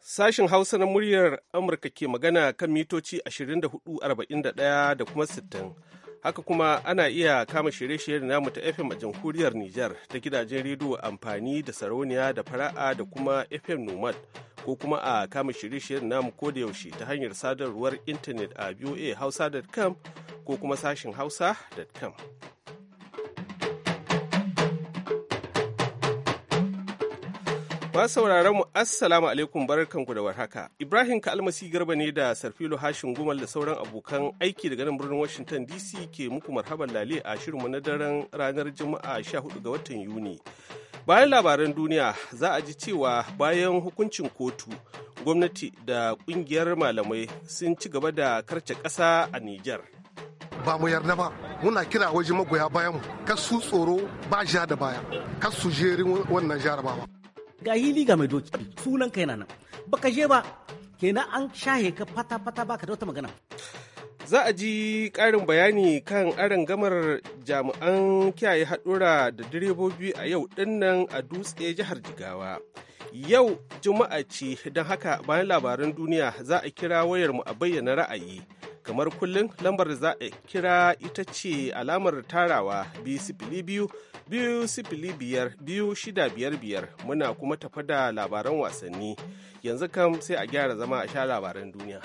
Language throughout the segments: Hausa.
Sashen Hausa na muryar Amurka ke magana kan mitoci 41 da kuma 60. haka kuma ana iya kama shirye-shiryen namu ta fm a jamhuriyar niger ta gidajen rediyo amfani da sarauniya da fara'a da kuma fm nomad ko kuma a kama shirye-shiryen namu yaushe ta hanyar sadarwar intanet a voa hausa.com ko kuma sashin hausa.com Ba sauraron mu assalamu alaikum ku da warhaka. Ibrahim Kalmasi Garba ne da Sarfilo Hashin Gumal da sauran abokan aiki daga nan birnin Washington DC ke muku marhaban lale a shirinmu na daren ranar Juma'a 14 ga watan Yuni. Bayan labaran duniya za a ji cewa bayan hukuncin kotu gwamnati da kungiyar malamai sun ci gaba da karce ƙasa a Nijar. ba mu yarda ba muna kira waje magoya bayan mu, su tsoro ba ja da baya kas su jerin wannan jarabawa ga hili ga mai doki sunan ka yana nan baka je ba kenan an shahe ka fata fata baka da wata magana za a ji ƙarin bayani kan aron gamar jami'an kiyaye haɗura da direbobi a yau dinnan a dutse jihar jigawa yau juma'a ce don haka bayan labaran duniya za a kira wayarmu a bayyana ra'ayi kamar kullum lambar da za a kira ita ce alamar tarawa biyu sifili biyu biyu sifili biyar biyu shida biyar biyar muna kuma tafa da labaran wasanni yanzu kam sai a gyara zama a sha labaran duniya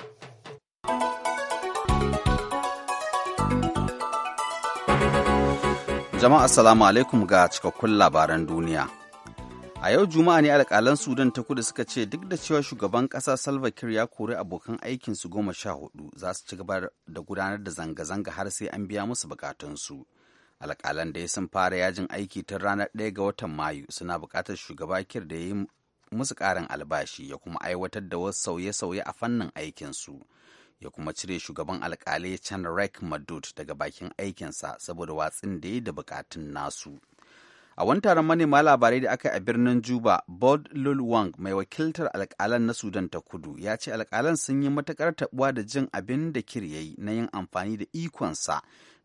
jama'a assalamu alaikum ga cikakkun labaran duniya a yau juma'a ne alƙalan sudan ta kudu suka ce duk da cewa shugaban ƙasa salva kiir ya kori abokan aikinsu goma sha hudu za su ci gaba da gudanar da zanga-zanga har sai an biya musu bukatunsu alkalan da ya sun fara yajin aiki tun ranar ɗaya ga watan mayu suna buƙatar shugaba kiir da ya yi musu ƙarin albashi ya kuma aiwatar da wasu sauye-sauye a fannin aikinsu ya kuma cire shugaban alƙalai chan rek madut daga bakin aikinsa saboda watsin da ya da bukatun nasu a wani taron manema labarai da aka yi a birnin juba bod lul mai wakiltar alkalan na sudan ta kudu ya ce alkalan sun yi matakar tabuwa da jin abin da kir ya yi na yin amfani da ikonsa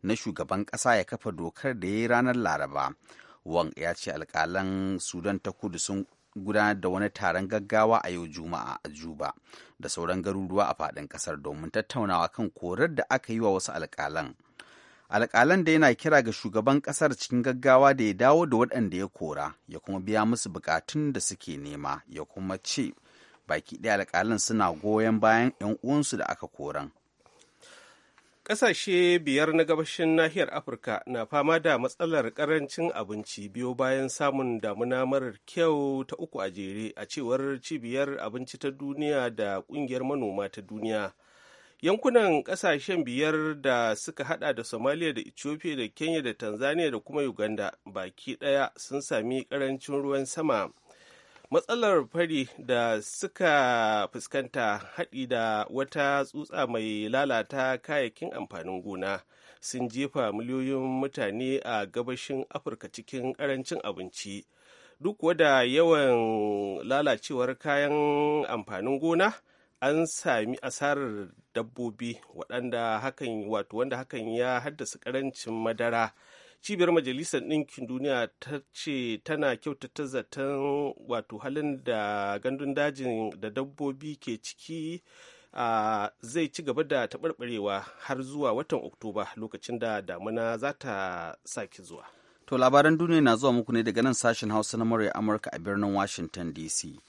na shugaban ƙasa ya kafa dokar da ya yi ranar laraba wang ya ce alkalan sudan ta kudu sun gudanar da wani taron gaggawa a yau juma'a a juba da sauran garuruwa a faɗin ƙasar domin tattaunawa kan korar da aka yi wa wasu alkalan alƙalan da yana kira ga shugaban ƙasar cikin gaggawa da ya dawo da waɗanda ya kora ya kuma biya musu buƙatun da suke nema ya kuma ce baki ɗaya alƙalan suna goyon bayan 'yan uwansu da aka koran Ƙasashe biyar na gabashin nahiyar Afirka na fama da matsalar ƙarancin abinci biyo bayan samun damuna marar kyau ta uku a jere a cewar cibiyar abinci ta duniya da ƙungiyar manoma ta duniya. yankunan kasashen biyar da suka hada da somalia da ethiopia da kenya da tanzania da kuma uganda baki daya sun sami karancin ruwan sama matsalar fari da suka fuskanta haɗi da wata tsutsa mai lalata kayayyakin amfanin gona sun jefa miliyoyin mutane a gabashin afirka cikin ƙarancin abinci duk wada yawan lalacewar kayan amfanin gona an sami asarar dabbobi waɗanda hakan wato wanda hakan ya haddasa karancin madara cibiyar majalisar ɗinkin duniya ta ce tana kyautata zaton wato halin da gandun dajin da dabbobi ke ciki a zai ci gaba da taɓarɓarewa har zuwa watan oktoba lokacin da damuna za ta sake zuwa to labaran duniya na zuwa muku ne daga nan sashen hausa na murya amurka a birnin washington dc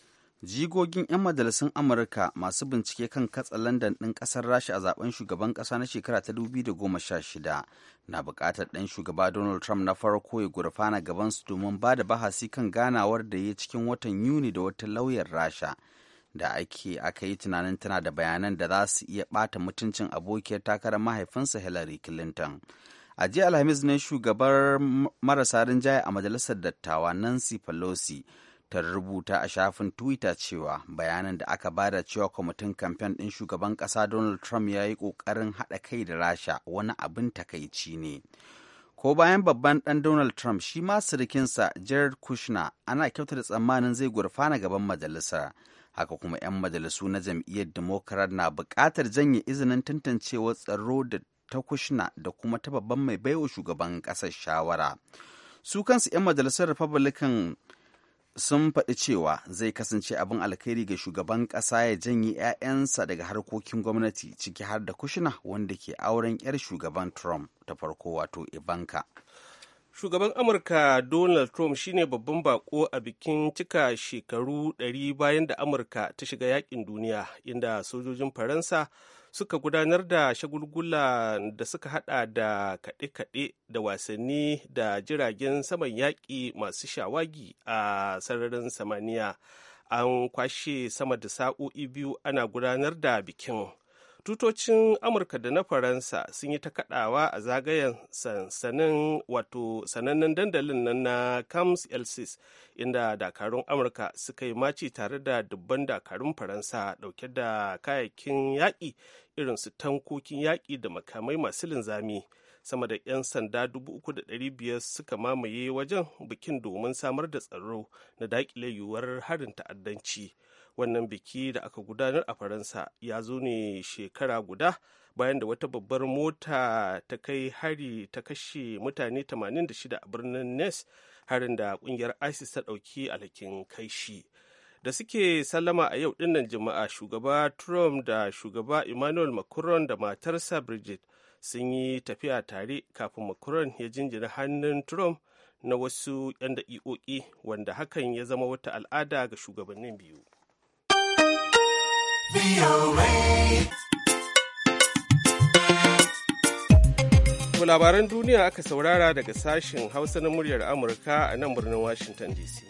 jigogin 'yan majalisun amurka masu bincike kan katsa landan ɗin ƙasar rasha a zaben shugaban ƙasa na shekara ta 2016 na bukatar ɗan shugaba donald trump na farko ya gurfana gaban su domin ba da bahasi kan ganawar da ya cikin watan yuni da wata lauyar rasha da ake aka yi tunanin tana da bayanan da za su iya ɓata mutuncin abokiyar takarar mahaifinsa hillary clinton a jiya alhamis ne shugabar marasa rinjaye a majalisar dattawa nancy pelosi ta rubuta a shafin twitter cewa bayanan da aka bada cewa kwamitin kamfen ɗin shugaban ƙasa donald trump ya yi ƙoƙarin haɗa kai da rasha wani abin takaici ne ko bayan babban ɗan donald trump shi ma sirikinsa jared kushner ana kyautata tsammanin zai gurfana gaban majalisa? haka kuma 'yan majalisu na jam'iyyar democrat na buƙatar janye izinin tantancewar tsaro da ta kushna da kuma ta babban mai baiwa shugaban ƙasar shawara su kansu 'yan majalisar republican sun faɗi cewa zai kasance abin alkhairi ga shugaban ƙasa ya janye 'ya'yansa daga harkokin gwamnati ciki har da kushina wanda ke auren 'yar shugaban trump ta farko wato ibanka shugaban amurka donald trump shine babban bako a bikin cika shekaru 100 bayan da amurka ta shiga yakin duniya inda sojojin faransa suka gudanar da shagulgula da suka hada da kaɗe-kaɗe da wasanni da jiragen saman yaƙi masu shawagi a sararin samaniya an kwashe sama da sa'o'i biyu ana gudanar da bikin tutocin amurka da na faransa sun yi ta kaɗawa a zagayen sansanin wato sanannen dandalin nan na camps elsis inda dakarun amurka suka yi maci tare da dubban dakarun faransa ɗauke da kayayyakin yaƙi irin su tankokin yaƙi da makamai masu linzami sama da 'yan sanda 3,500 suka mamaye wajen bikin domin samar da tsaro na daƙile yiwuwar harin ta'addanci wannan biki da aka gudanar a faransa ya zo ne shekara guda bayan da wata babbar mota ta kai hari ta kashe mutane 86 a birnin nes harin da kungiyar isis ta ɗauki alhakin kai shi da suke sallama a yau dinnan jama'a shugaba trump da shugaba emmanuel macron da matarsa bridget sun yi tafiya tare kafin macron ya jinjina hannun trump na wasu 'yan da'i'o'i wanda hakan ya zama wata al'ada ga shugabannin biyu labaran duniya aka saurara daga sashen hausa na muryar amurka a nan birnin washington dc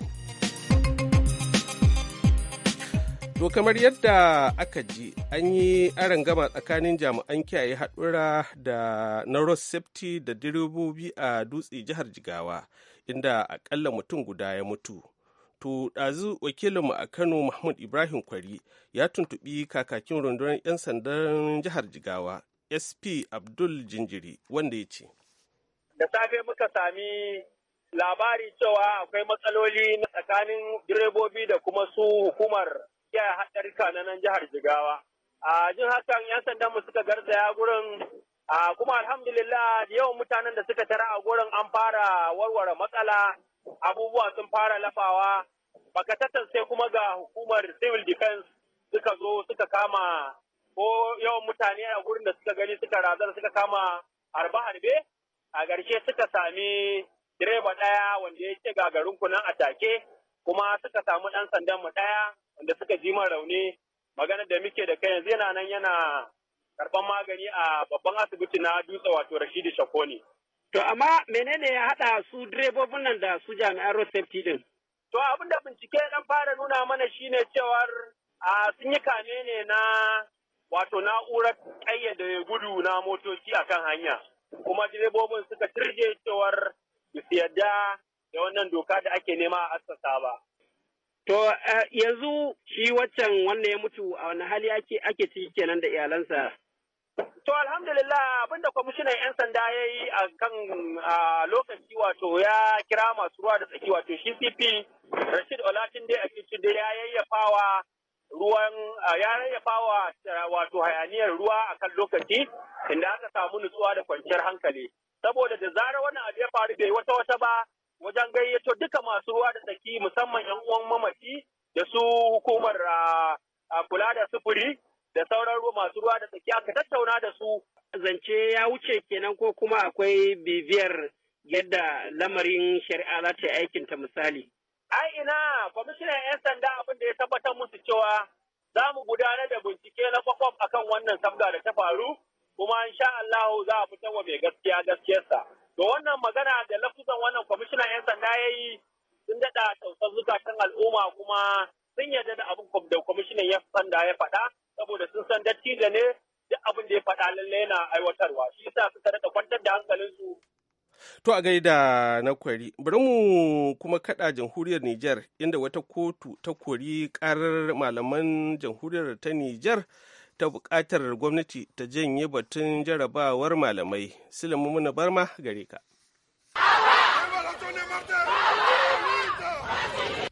to kamar yadda aka ji an yi gama tsakanin jami'an kiyaye haɗura da na road safety da direbobi a dutse jihar jigawa inda akalla mutum guda ya mutu To ɗazu wakilinmu a Kano Mahmud Ibrahim Kwari ya tuntuɓi kakakin rundunar 'yan sandan jihar Jigawa SP Abdul Jinjiri wanda ya ce. Da safe muka sami labari cewa akwai matsaloli na tsakanin direbobi da kuma su hukumar kiyaye haɗarika na nan jihar Jigawa. A jin hakan 'yan sandanmu suka garzaya gurin kuma alhamdulillah yawan mutanen da suka tara a gurin an fara warware matsala abubuwa sun fara lafawa bakatatan sai kuma ga hukumar civil defense suka zo suka kama ko yawan mutane a gurin da suka gani suka razana suka kama harbe-harbe a ƙarshe suka sami direba ɗaya wanda ya ce gagarin kunan a take kuma suka samu ɗan sandan mu ɗaya wanda suka ji rauni magana da muke da kai yanzu yana nan yana karban magani a babban asibiti na dutse wato Rashidi Shakoni. To amma menene ya haɗa su direbobin nan da su jami'an road safety din? To abin da bincike dan fara nuna mana shine cewar a sun yi kame ne na wato na'urar ƙayyade gudu na motoci akan hanya. Kuma direbobin suka turje cewar su yadda da wannan doka da ake nema a asasa ba. To eh, yanzu shi waccan wannan ya mutu a wani hali ake ciki kenan da iyalansa? alhamdulillah abinda kwamishinan 'yan sanda ya yi a kan lokaci wato ya kira masu ruwa da tsaki wato shi cp rashid olatunde a cikin da ya wa ruwan ya wa wato hayaniyar ruwa a kan lokaci inda aka samu nutsuwa da kwanciyar hankali saboda da zarar wannan abu ya faru bai wata wata ba wajen gayyato duka masu ruwa da tsaki musamman 'yan uwan mamaci da su hukumar kula da sufuri da sauran masu ruwa da tsaki aka tattauna da su zance ya wuce kenan ko kuma akwai bibiyar yadda lamarin shari'a za ta aikinta misali. Ai ina kwamishinan 'yan sanda abin da ya tabbatar musu cewa za mu gudanar da bincike na kwakwaf akan wannan sabga da ta faru kuma insha Allah za a fitar wa mai gaskiya gaskiyarsa. To wannan magana da lafuzan wannan kwamishinan 'yan sanda ya yi sun daɗa tausar zukatan al'umma kuma sun yarda da abin da kwamishinan 'yan sanda ya faɗa saboda sun san dattijo ne ya faɗa lallai yana aiwatarwa shi yasa suka daɗa kwantar da hankalinsu To a gaida na kwari, bari mu kuma kaɗa jamhuriyar Nijar inda wata kotu ta kori ƙarar malaman jamhuriyar ta Nijar ta buƙatar gwamnati ta janye batun jarabawar malamai. Sulaimu Muna Barma gare ka.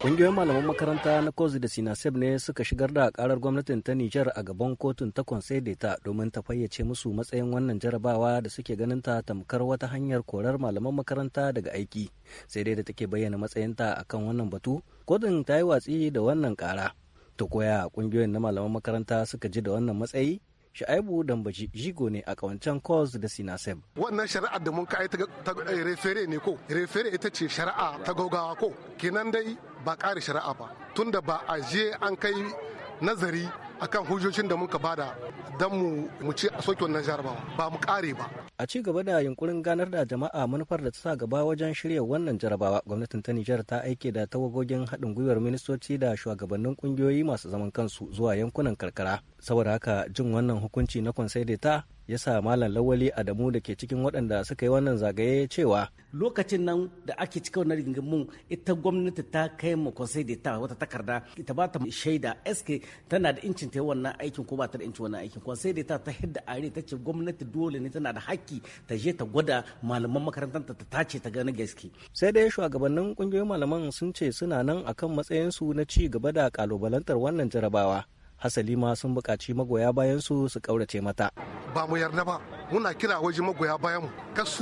Ƙungiyoyin malaman makaranta na COS da Sinaseb ne suka shigar da karar gwamnatin ta Nijar a gaban kotun ta Conseil domin ta fayyace musu matsayin wannan jarabawa da suke ganin ta tamkar wata hanyar korar malaman makaranta daga aiki. Sai dai da take bayyana matsayinta akan wannan batu, kotun ta yi watsi da wannan kara. Ta koya ƙungiyoyin na malaman makaranta suka ji da wannan matsayi Sha'aibu Dambaji jigo ne a ƙawancen COS da Sinasem. Wannan shari'ar da mun kai ta eh, refere ne ko? Refere ita ce shari'a ta gogawa ko? Kenan dai ba ƙari shari'a ba tunda ba a je an kai nazari akan hujjojin da muka bada don mu ci a soke wannan jarabawa ba mu kare ba. A ci gaba da yunkurin ganar da jama'a manufar da ta sa gaba wajen shirya wannan jarabawa gwamnatin ta Nijar ta aike da tawagogin haɗin gwiwar ministoci da shugabannin kungiyoyi masu zaman kansu zuwa yankunan karkara. Saboda haka jin wannan hukunci na kwansaideta yasa sa malam lawali adamu da ke cikin waɗanda suka yi wannan zagaye cewa lokacin nan da ake cika wannan rigingimun ita gwamnati ta kai ma da ta wata takarda ita ba ta shaida sk tana da incin ta wannan aikin ko ba ta da incin wannan aikin kwasai da ta hidda are ta ce gwamnati dole ne tana da haƙƙi ta je ta gwada malaman makarantar ta ce ta gani gaske sai dai shugabannin kungiyoyin malaman sun ce suna nan akan matsayinsu na ci gaba da kalubalantar wannan jarabawa hasali ma sun buƙaci magoya bayan su su ƙaurace mata ba mu yarda ba muna kira waje magoya bayan mu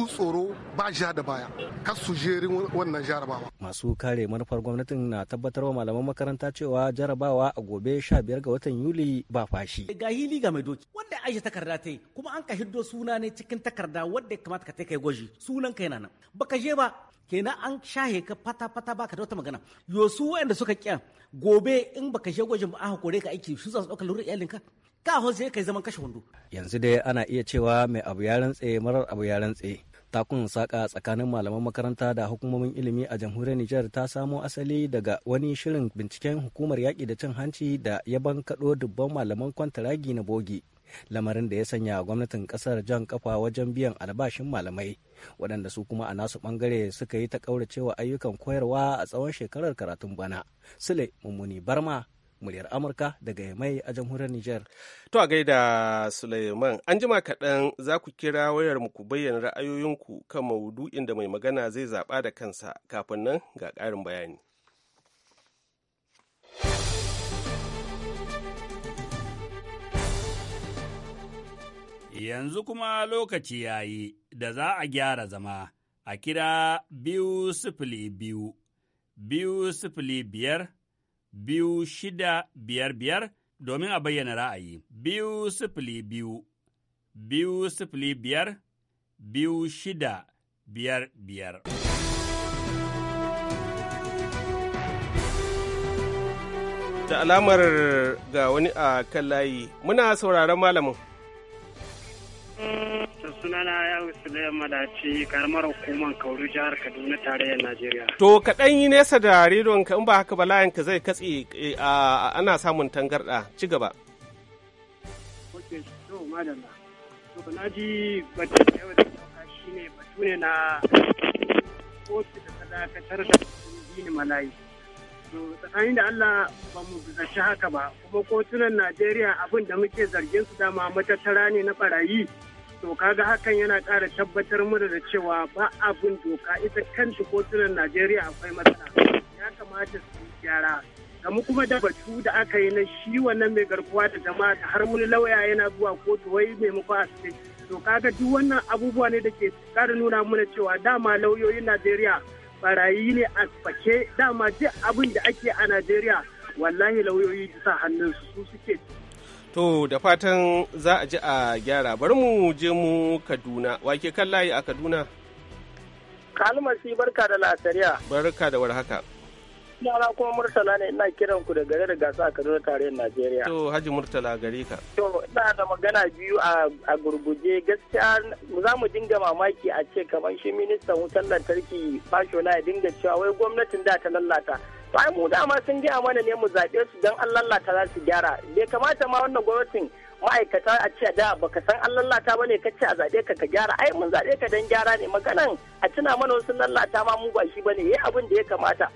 tsoro ba jiha da baya kasu jerin wannan jarabawa masu kare manufar gwamnatin na tabbatar wa malaman makaranta cewa jarabawa a gobe 15 ga watan yuli ba fashi ga hili ga mai doki wanda aisha takarda ta yi kuma an ka hiddo suna ne cikin takarda wadda ya kamata ka kai gwaji sunan kai nan baka je ba kenan an shahe ka fata fata baka da wata magana yosu su wanda suka kya gobe in baka je gwajin ba aka kore ka aiki su za su ɗauka lura iyalinka ka hau sai kai zaman kashe wando yanzu dai ana iya cewa mai abu ya rantse marar abu ya rantse takun saka tsakanin malaman makaranta da hukumomin ilimi a jamhuriyar Nijar ta samo asali daga wani shirin binciken hukumar yaƙi da cin hanci da yaban kaɗo dubban malaman kwantaragi na bogi lamarin da ya sanya gwamnatin ƙasar jan kafa wajen biyan albashin malamai waɗanda su kuma a nasu ɓangare suka yi ta ƙauracewa ayyukan koyarwa a tsawon shekarar karatun bana sule mummuni barma muryar amurka daga mai a jamhuriyar niger to a gaida suleiman an jima kaɗan za ku kira wayar mu ku bayyana ra'ayoyinku kan maudu'in da mai magana zai zaɓa da kansa kafin nan ga ƙarin bayani Yanzu kuma lokaci ya yi da za a gyara zama a kira biyu sifili biyu, biyu sifili biyar, biyu shida biyar biyar domin a bayyana ra'ayi. Biyu sifili biyu, biyu sifili biyar, biyu shida biyar biyar. Da alamar ga wani a kan layi, muna sauraron malamin. Mm, sunana ya Suleiman Madaci karamar hukumar Kauru jihar Kaduna tarayyar Najeriya. To kaɗan yi nesa da rediyonka in ba haka ba ka zai katse eh, ana samun tangarɗa ci gaba. Ok, to madalla. To na ji batu da yawa da shi ne batu ne na kotu da ta dakatar da dini malayi. To tsakanin da Allah ba mu zaci haka ba kuma kotunan Najeriya abin da muke zargin su dama matattara ne na barayi. to kaga hakan yana ƙara tabbatar mana da cewa ba abin doka ita kan kotunan najeriya akwai matsala ya kamata su gyara kamu kuma da batu da aka yi na shi wannan mai garkuwa da jama'a da har mun lauya yana zuwa kotu wai maimakon asibiti to kaga duk wannan abubuwa ne da ke ƙara nuna mana cewa dama lauyoyin najeriya barayi ne a fake dama duk abin da ake a najeriya wallahi lauyoyi sa hannunsu su suke To da fatan za a ji a gyara bari mu je mu Kaduna wake kan layi a Kaduna. Kalmasi barka da lasariya. Barka da warhaka. Yara kuma Murtala ne ina kiran ku da gare da gasa a Kaduna tarayyar Najeriya. To Haji Murtala gare ka. To ina da magana biyu a gurguje gaskiya za mu dinga mamaki a ce kamar shi ministan wutar lantarki Basho na ya dinga cewa wai gwamnatin da ta lallata. to mu dama sun gaya mana ne mu zaɓe su don an ta za su gyara bai kamata ma wannan gwamnatin ma'aikata a ce da baka san an ta bane ka ce a zaɓe ka ka gyara ai mun zaɓe ka don gyara ne maganan a tuna mana wasu lallata ma mu ba shi bane yi abin da ya kamata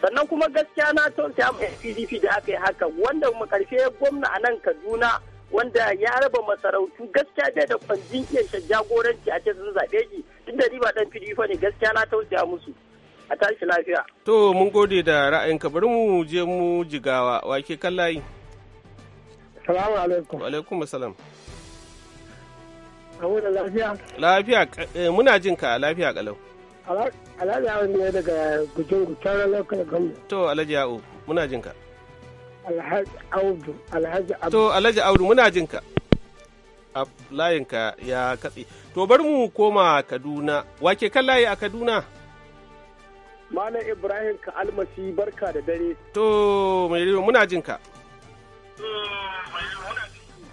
sannan kuma gaskiya na tausaya ma PDP da aka yi haka wanda mu karshe gwamna a nan Kaduna wanda ya raba masarautu gaskiya bai da kwanjin iya jagoranci a ce sun zaɓe shi duk da riba dan PDP ne gaskiya na tausaya musu a tashi lafiya. To mun gode da ra'ayinka bari mu je mu jigawa wake kan layi. Salamu alaikum. Wa alaikum salam. Abu da lafiya? Lafiya eh, muna jin ka lafiya kalau. Alhaji Awo ne daga gujin gutar lokacin gwamnati. To Alhaji Awo muna jin ka. Alhaji Audu Alhaji To Alhaji Audu muna jin ka. Layinka ya katse. To bari mu koma Kaduna. Wake kan layi a Kaduna? Malam Ibrahim ka almasi barka da dare. To mai muna jin ka.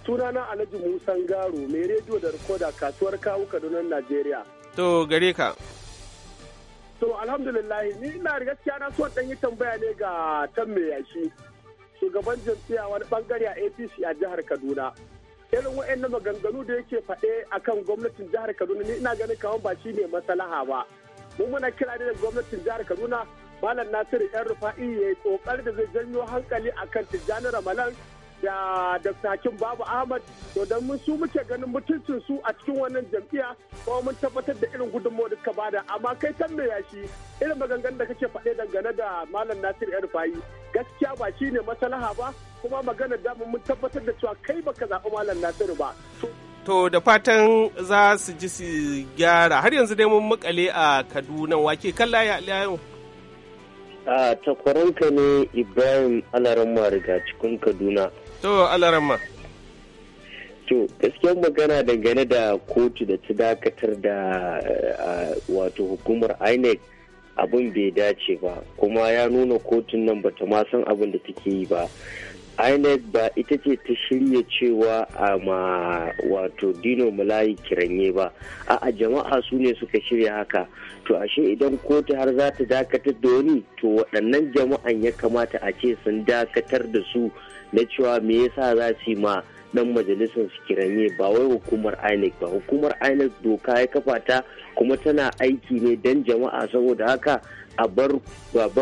Sunana Alhaji Musan Garo mai rediyo da rikoda kasuwar kawo Kaduna Najeriya. To gare ka. To alhamdulillah ni ina da gaskiya na so dan yi tambaya ne ga tan mai yashi. Shugaban jam'iyya wani bangare a APC a jihar Kaduna. irin na maganganu da yake faɗe akan gwamnatin jihar Kaduna ni ina ganin kawan ba shi ne maslaha ba. mu muna kira da gwamnatin jihar kaduna malam nasiru yan rufa'i ya yi kokari da zai janyo hankali akan tijjani ramalan da dr hakim babu ahmad to don mun su muke ganin mutuncin su a cikin wannan jam'iyya kuma mun tabbatar da irin gudunmawar da suka bada amma kai tambaya shi irin maganganun da kake faɗe dangane da malam nasiru yar rufa'i gaskiya ba shi ne masalaha ba kuma maganar da mun tabbatar da cewa kai baka zaɓi malam nasiru ba To da fatan za su ji su gyara har yanzu dai mun makale a Kaduna wake kalla ya yau. A takwaranka ne Ibrahim Alaramma riga cikin Kaduna. To Alaramma. To gaskiyar magana dangane da kotu da ta dakatar da wato hukumar INEC abin bai dace ba kuma ya nuna kotun nan bata ma san abin da take yi ba. inec ba ita ce ta shirya cewa a ma wato dino malayi kiranye ba a a jama'a su ne suka shirya haka to ashe idan kotu har za ta dakatar da wani to waɗannan jama'an ya kamata a ce sun dakatar da su na cewa me yasa za su yi ma dan majalisar su kiranye ba wai hukumar inec ba hukumar inec doka ya kafa ta kuma tana aiki ne dan jama'a saboda haka a bar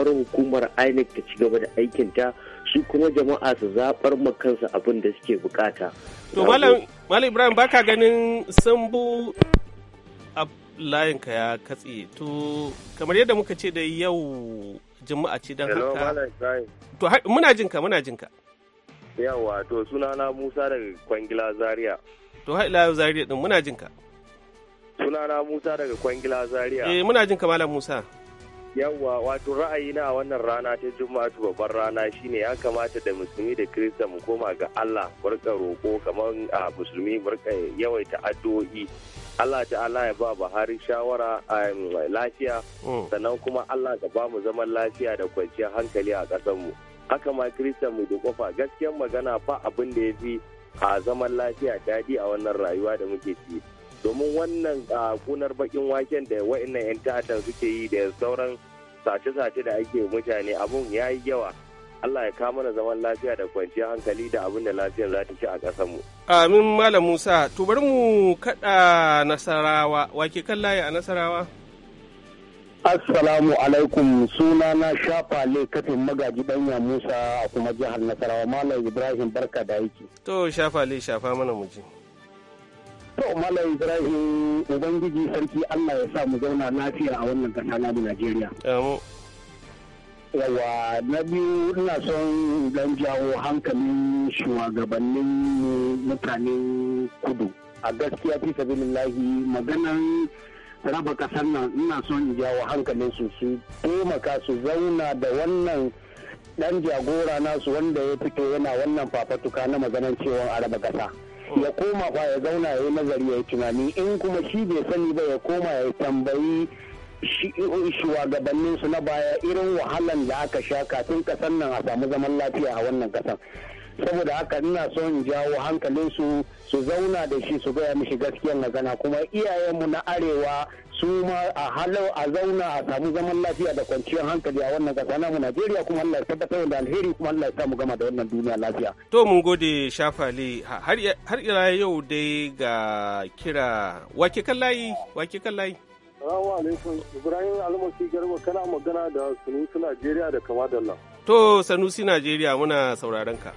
hukumar inec ta ci gaba da aikinta shi kuma jama'a su zaɓar kansu abin da suke bukata. To Malam Ibrahim baka ganin sambu a layinka ya katse to kamar yadda muka ce da yau jama'a ce don haka. To muna jinka muna jinka. Yawa to sunana Musa daga Kwangila Zaria. To ha ila Zaria din muna jinka. Sunana Musa daga Kwangila Zaria. Eh muna jinka Malam Musa. yawwa wato ra'ayina a wannan rana ta juma'atu babban rana shine ya kamata da musulmi da kirista mu koma ga allah barka roƙo kamar a musulmi barka yawaita addu'o'i allah ta'ala ya ba buhari shawara a lafiya oh. sannan kuma allah ka ba mu zaman lafiya da kwanciyar hankali a mu haka ma kirista mu da kofa gaskiyan magana fa abin da ya fi a zaman lafiya daɗi a wannan rayuwa da muke ciki domin wannan kunar bakin waken da wa'annan 'yan ta'adda suke yi da sauran sace-sace da ake mutane abun ya yi yawa Allah ya kama na zaman lafiya da kwanciyar hankali da abin da lafiyar za ta ci a ƙasarmu. Amin Malam Musa, to bari mu kaɗa Nasarawa, wake kan layi a Nasarawa? Assalamu alaikum suna na shafa kafin magaji ɗanya Musa a kuma jihar Nasarawa Malam Ibrahim barka da aiki. To shafa le shafa mana muji. To Malam Ibrahim Ubangiji Sarki Allah ya sa mu zauna lafiya a wannan kasa na Najeriya. Yawa na biyu ina son dan jawo hankalin shugabannin mutanen kudu. A gaskiya fi sabilillahi maganan raba kasar nan ina son in jawo hankalin su su taimaka su zauna da wannan dan jagora nasu wanda ya fito yana wannan fafatuka na maganan cewa a raba kasa. ya koma fa ya zauna ya yi nazari ya yi tunani in kuma shi bai sani ba ya koma ya tambayi su na baya irin wahalan da aka sha kafin kasan nan a samu zaman lafiya a wannan kasan saboda haka ina so in jawo hankalinsu su zauna da shi su gaya mishi gaskiyar magana kuma iyayenmu na arewa su ma a halau a zauna a samu zaman lafiya da kwanciyar hankali a wannan kasa namu Najeriya kuma Allah ya tabbatar da alheri kuma Allah ya mu gama da wannan duniya lafiya. To mun gode Shafali har ila yau dai ga kira wake kan layi wake kan layi. Salamu alaikum Ibrahim Almasi Garba kana magana da Sanusi Najeriya da kama Kamadalla. To Sanusi Najeriya muna sauraron ka.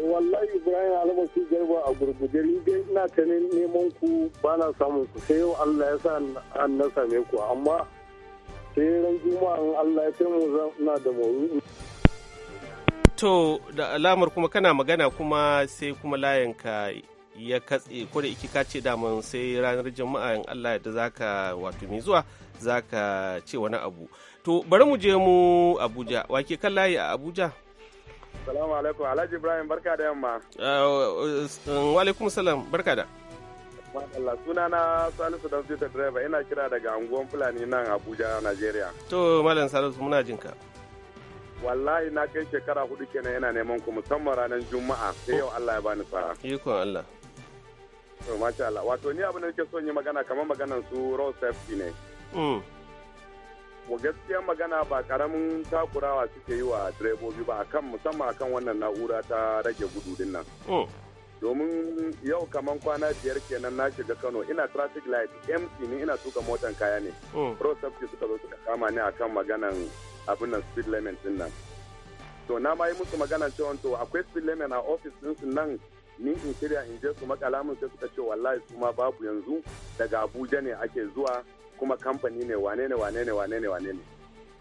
wallahi ibrahim su garba a gurguje ni dai ina ta neman ku ba na samun ku sai yau allah ya sa an na same ku amma sai ran juma'a allah ya mu na da mawuyi to da alamar kuma kana magana kuma sai kuma layanka ya katse ko da iki ka ce daman sai ranar juma'a in allah ya za ka wato mai zuwa za ka ce wani abu to bari mu je mu abuja wake kan layi a abuja Salamu alaikum Alhaji Ibrahim barka da yamma. Eh, wa alaikum salam barka da. Allah suna na Salisu dan Fita Driver ina kira daga anguwan Fulani nan Abuja, Najeriya. To Malam Salisu muna jinka. Wallahi na kai shekara hudu kenan yana neman ku musamman ranar Juma'a sai yau Allah ya bani fara. Ikon Allah. To masha Allah wato ni abin da nake son yi magana kamar maganan su Rose safety ne. Mm. wa gaskiya magana ba karamin takurawa suke yi wa direbobi ba kan musamman akan wannan na'ura ta rage gudu din nan. Oh. Domin yau kaman kwana biyar kenan na shiga Kano ina traffic light MC ne ina tuka motan kaya ne. Oh. Road safety suka zo suka kama ne akan maganan abin nan speed limit din nan. To na ma yi musu magana cewa to akwai speed limit a office din su nan ni in shirya in je su makala min sai suka ce wallahi su ma babu yanzu daga Abuja ne ake zuwa kuma kamfani ne wane ne wane ne wane ne wane ne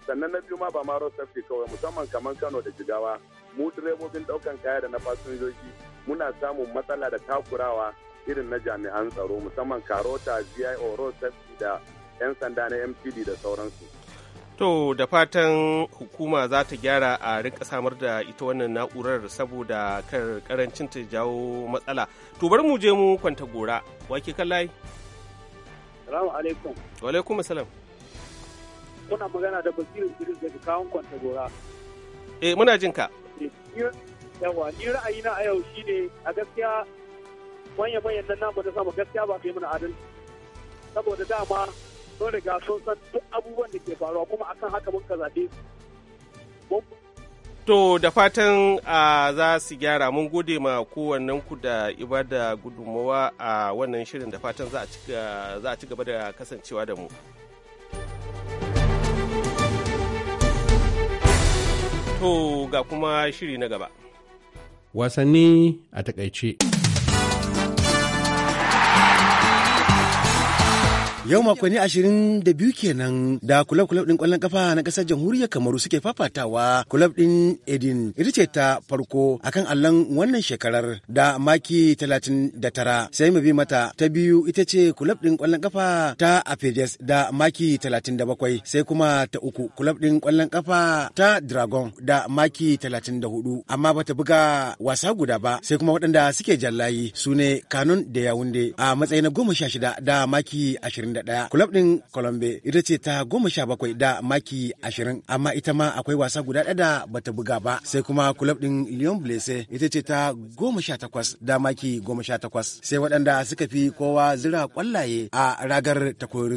sannan na biyu ma ba ma safety kawai musamman kamar kano da jigawa mu direbobin daukan kaya da na fasinjoji muna samun matsala da takurawa irin na jami'an tsaro musamman karota vio road safety da 'yan sanda na mpd da sauransu To da fatan hukuma za ta gyara a rinka samar da ita wannan na'urar saboda kar karancin ta jawo matsala. To bari mu je mu kwanta gora. Wake kallai? Salamu alaikum. Wa alaikum salam. Kuna magana da Basiru Idris daga kawon kwanta gora. Eh muna jin ka. Eh, yawa ni ra'ayina a yau shi ne a gaskiya manya manyan nan namu da sama gaskiya ba kai mana adal. Saboda dama sun riga sun san duk abubuwan da ke faruwa kuma akan haka mun ka zaɓe Mun To da fatan za su gyara mun gode ma kowannen ku da ibada gudunmawa a wannan shirin da fatan za a ci gaba da kasancewa da mu. To ga kuma shiri na gaba. Wasanni a takaice. Yau makonni ashirin da biyu kenan da kulab kulab din kwallon kafa na kasar jamhuriyar Kamaru suke fafatawa kulab din Edin ita ce ta farko akan allon wannan shekarar da maki talatin da tara sai mu bi mata ta biyu ita ce kulab din kwallon kafa ta Apeges da maki talatin da bakwai sai kuma ta uku kulab din kwallon kafa ta Dragon da maki talatin da hudu amma bata buga wasa guda ba sai kuma waɗanda suke jallayi su ne Kanun da Yaounde a matsayin goma sha shida da maki ashirin 21. Kulab ɗin Colombe ita ce ta goma sha bakwai da maki ashirin amma ita ma akwai wasa guda ɗaya da bata buga ba sai kuma kulab ɗin Lyon Blesse ita ce ta goma sha takwas da maki goma sha takwas sai waɗanda suka fi kowa zira kwallaye a ragar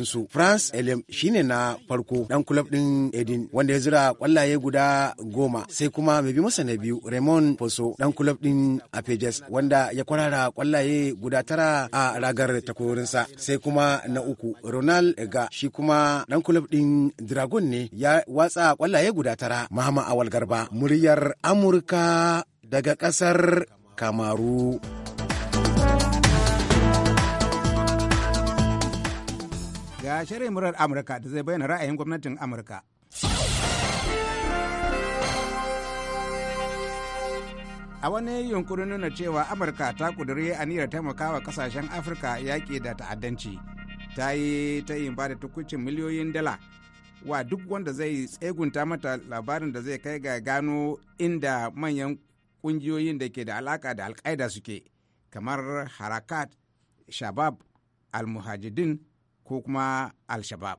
su France Elem shine na farko dan kulab ɗin Edin wanda ya zira kwallaye guda goma sai kuma mai bi masa na biyu Raymond Poso dan kulab ɗin Apejes wanda ya kwarara kwallaye guda tara a ragar takwarorinsa sai kuma na uku uku ronald ega shi kuma dan kulub din dragon ne ya watsa kwallaye guda tara mahama awal garba muryar amurka daga kasar kamaru ga shirin murar amurka da zai bayyana ra'ayin gwamnatin amurka a wani yunkurin nuna cewa amurka ta a aniyar taimakawa kasashen afirka yaƙi da ta'addanci ta yi ta yin ba da tukucin miliyoyin dala wa duk wanda zai tsegunta mata labarin da zai kai ga gano inda manyan kungiyoyin da ke da alaka da alkaida suke kamar harakat shabab almuhajidin ko kuma al-shabab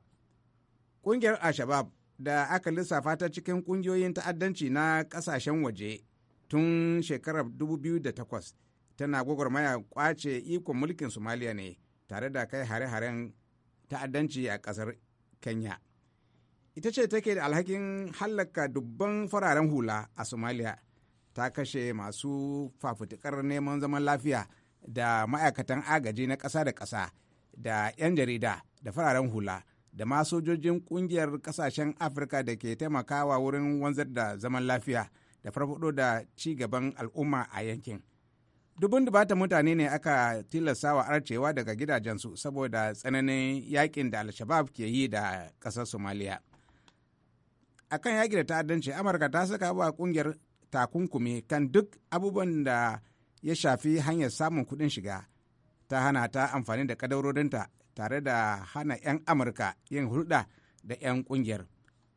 ƙungiyar al-shabab da aka lissafa ta cikin ƙungiyoyin ta'addanci na kasashen waje tun shekarar 2008 tana gwagwarmaya kwace ikon mulkin somaliya ne tare da kai hare-haren ta'addanci a ƙasar kenya ita ce take da alhakin hallaka dubban fararen hula a somalia ta kashe masu fafutukar neman zaman lafiya da ma'aikatan agaji na ƙasa da ƙasa da 'yan jarida da fararen hula da ma sojojin ƙungiyar ƙasashen afirka da ke taimakawa wurin wanzar da zaman lafiya da farfado da ci gaban al'umma a yankin. dubun dubatan mutane ne aka tilasta wa arcewa daga gidajensu saboda tsananin yakin da al ke yi da kasar somaliya akan yaki da ta'addanci amurka ta saka wa kungiyar takunkumi kan duk abubuwan da ya shafi hanyar samun kudin shiga ta hana ta amfani da kadarorinta tare da hana 'yan amurka yin hulɗa da 'yan kungiyar.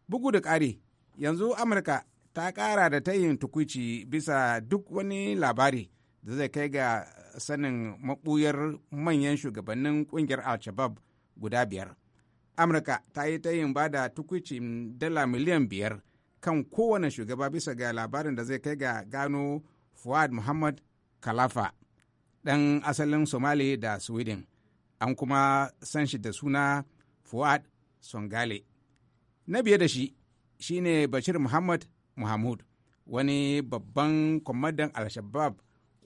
bugu da ƙari yanzu amurka ta ƙara da ta yin tukuci bisa duk wani labari da zai kai ga sanin maɓuyar manyan shugabannin ƙungiyar al-shabab guda biyar amurka ta yi ta yin bada tukwicin dala miliyan biyar kan kowane shugaba bisa ga labarin da zai kai ga gano fuad muhammad kalafa ɗan asalin somali da sweden an kuma san shi da suna fuad songale na biye da shi shine bashir muhammad muhammad wani babban kwamandan al-shabab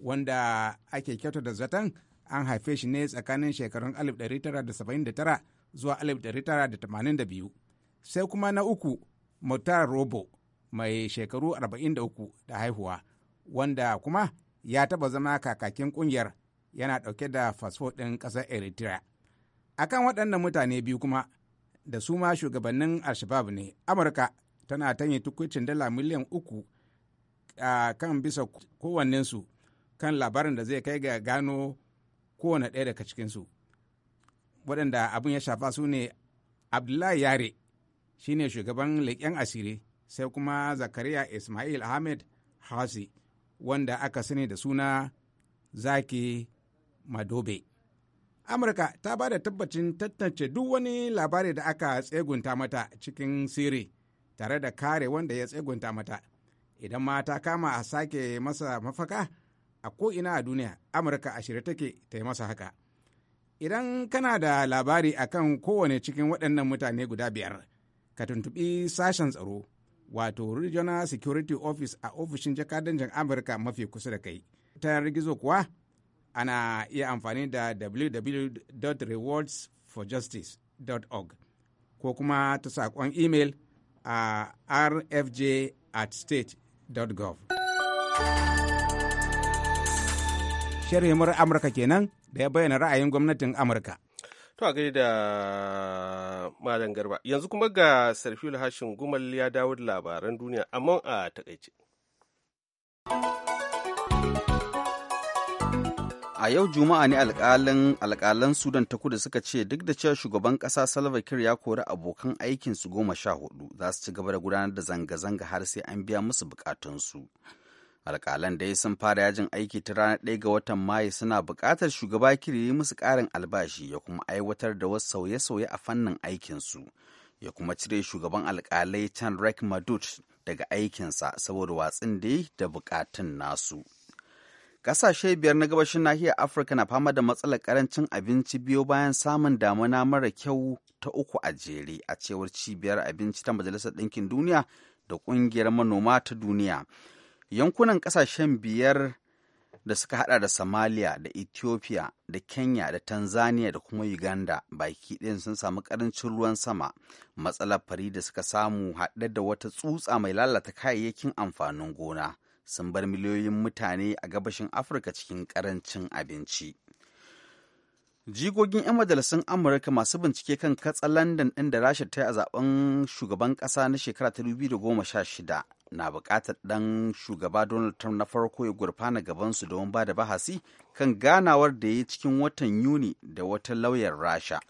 wanda ake kyauta da zaton an haife shi ne tsakanin shekarun 1979 zuwa 1982 sai kuma na uku mutar robo mai shekaru 43 da haihuwa wanda kuma ya taba zama kakakin kungiyar yana dauke da fasfo ɗin ƙasar eritrea akan waɗannan mutane biyu kuma da su ma shugabannin alshabab ne amurka tana tanye tukucin dala miliyan uku a kan bisa kowanninsu kan labarin da zai kai ga gano kowane ɗaya daga cikinsu waɗanda abin ya shafa su ne abdullahi yare shine shugaban leƙen asiri sai kuma zakariya ismail ahmed hasi wanda aka sani da suna zaki madobe amurka ta ba da tabbacin tantance duk wani labari da aka tsegunta mata cikin sirri tare da kare wanda ya tsegunta mata idan ma ta kama a sake masa mafaka a ko'ina a duniya amurka a shirye take ta yi masa haka idan kana da labari akan kowane cikin waɗannan mutane guda biyar ka tuntuɓi sashen tsaro wato regional security office a ofishin jakadancin amurka mafi kusa da kai ta gizo kuwa ana iya amfani da www.rewardsforjustice.org ko kuma ta saƙon email a rfj at state.gov. sharhin Amurka kenan da ya bayyana ra'ayin gwamnatin Amurka. To a da Malam Garba, yanzu kuma ga Sarfilu Hashin Gumal ya dawo da labaran duniya amma a takaice. A yau Juma'a ne alƙalin alkalan Sudan ta kudu suka ce duk da cewa shugaban kasa Salva Kiir ya kori abokan aikinsu goma sha hudu za su ci gaba da gudanar da zanga-zanga har sai an biya musu bukatunsu. su. alƙalan dai sun fara yajin aiki ta ranar ɗaya ga watan mayu suna buƙatar shugaba kiri yi musu ƙarin albashi ya kuma aiwatar da wasu sauye-sauye a fannin aikinsu ya kuma cire shugaban alƙalai chan rek madut daga aikinsa saboda watsin da yi da buƙatun nasu ƙasashe biyar na gabashin nahiyar afirka na fama da matsalar ƙarancin abinci biyo bayan samun damuna mara kyau ta uku a jere a cewar cibiyar abinci ta majalisar ɗinkin duniya da ƙungiyar manoma ta duniya yankunan ƙasashen biyar da suka hada da somalia da ethiopia da kenya da tanzania da kuma uganda baki ɗin sun samu ƙarancin ruwan sama matsalar fari da suka samu haɗe da wata tsutsa mai lalata kayayyakin amfanin gona sun bar miliyoyin mutane a gabashin afirka cikin ƙarancin abinci jigogin 'yan majalisun amurka masu bincike kan katsa london ɗin da rasha ta yi a zaben shugaban ƙasa na shekara ta 2016 na buƙatar ɗan shugaba Donald Trump na farko ya gurfana gabansu don ba da bahasi kan ganawar da ya cikin watan Yuni da wata lauyar Rasha.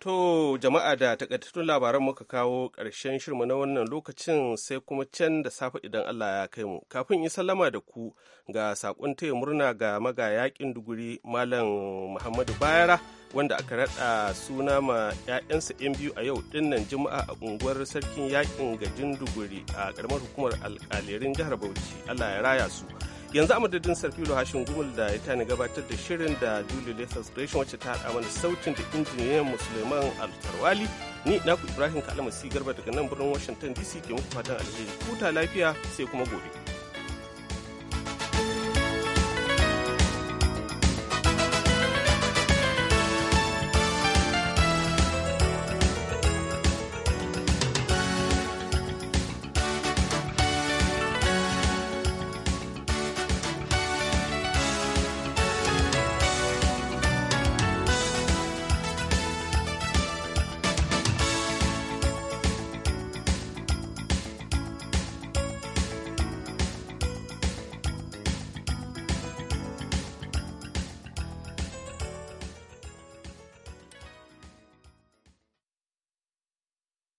To jama'a da takaitattun labaran muka kawo ƙarshen shirma na wannan lokacin sai kuma can da safe idan Allah ya kai mu. Kafin in sallama da ku ga Sakon taya murna ga Yaƙin duguri Malam Muhammadu Bayara wanda aka raɗa suna ma 'ya'yansa 'yan biyu a yau dinnan juma'a a unguwar sarkin Yaƙin gajin duguri a ƙaramar hukumar alƙalerin jihar Bauchi. Allah ya raya su. yanzu a madadin sarfilo hashin gumul da ya tani gabatar da shirin da julie lethal station wacce ta haɗa mana sautin da injiniyan musulman alfarwali ni na ku ibrahim kalamasi garba daga nan birnin washington dc ke muku fatan alheri huta lafiya sai kuma gobe